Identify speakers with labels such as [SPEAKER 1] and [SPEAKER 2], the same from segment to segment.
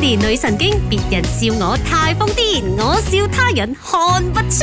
[SPEAKER 1] 女神經，別人笑我太瘋癲，我笑他人看不穿。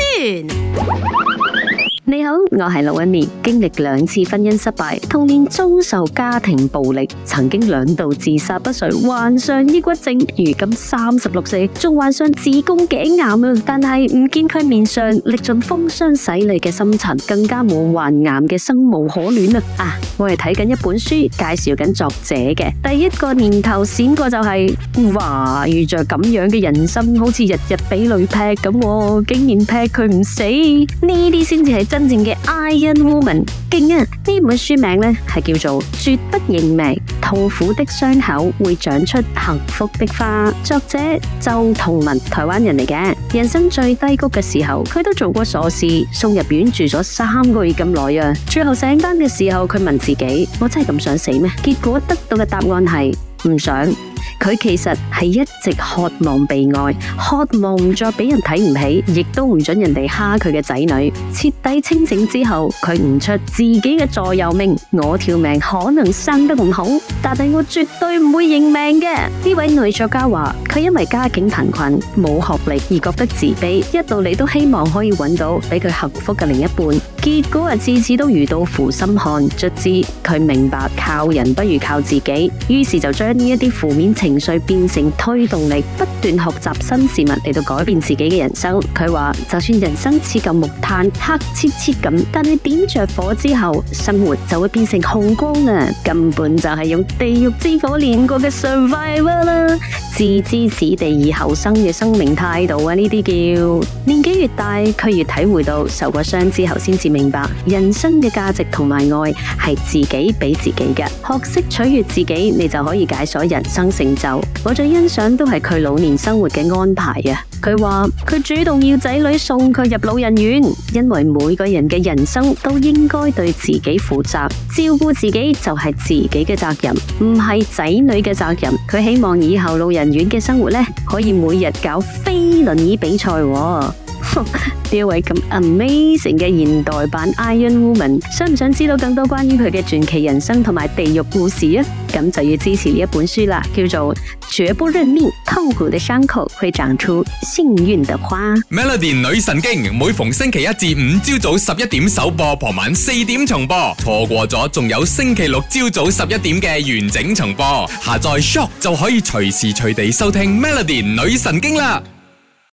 [SPEAKER 1] 你好，我係陸一年，經歷兩次婚姻失敗，同年遭受家庭暴力，曾經兩度自殺不遂，患上抑鬱症，如今三十六歲，仲患上子宮頸癌，但係唔見佢面上歷盡風霜洗禮嘅深沉，更加冇患癌嘅生無可戀啊！啊我係睇緊一本書，介紹緊作者嘅第一個念頭閃過就係、是：哇，遇着咁樣嘅人生，好似日日俾雷劈咁，竟然劈佢唔死，呢啲先至係真。《真正的 Iron Woman》，勁啊！呢本書名呢係叫做《絕不認命》，痛苦的傷口會長出幸福的花。作者周同文，台灣人嚟嘅。人生最低谷嘅時候，佢都做過傻事，送入院住咗三個月咁耐啊！最後醒翻嘅時候，佢問自己：我真係咁想死咩？結果得到嘅答案係唔想。佢其實係一直渴望被愛，渴望唔再俾人睇唔起，亦都唔准人哋蝦佢嘅仔女。徹底清醒之後，佢悟出自己嘅座右銘，我條命可能生得唔好，但係我絕對唔會認命嘅。呢位女作家話，佢因為家境貧困、冇學歷而覺得自卑，一路嚟都希望可以揾到俾佢幸福嘅另一半，結果次次都遇到負心漢。卒之，佢明白靠人不如靠自己，於是就將呢一啲負面情緒變成推動力，不斷學習新事物嚟到改變自己嘅人生。佢話就算人生似嚿木炭黑漆漆咁，但係點着火之後，生活就會變成紅光啊！根本就係用地獄之火煉過嘅 survivor 啦～置之死地而後生嘅生命態度啊，呢啲叫年紀越大佢越體會到受過傷之後先至明白人生嘅價值同埋愛係自己俾自己嘅，學識取悅自己，你就可以解鎖人生成就。我最欣賞都係佢老年生活嘅安排啊！佢話佢主動要仔女送佢入老人院，因為每個人嘅人生都應該對自己負責，照顧自己就係自己嘅責任，唔係仔女嘅責任。佢希望以後老人院嘅生活咧，可以每日搞飛輪椅比賽喎。呢 位咁 amazing 嘅現代版 Iron Woman，想唔想知道更多關於佢嘅傳奇人生同埋地獄故事啊？咁就要支持呢一本書啦，叫做《絕不認命》，痛苦的傷口會長出幸運的花。Melody 女神經每逢星期一至五朝早十一點首播，傍晚四點重播，錯過咗仲有星期六朝早十一點嘅完整重播。下載 shop 就可以隨時隨地收聽 Melody 女神經啦。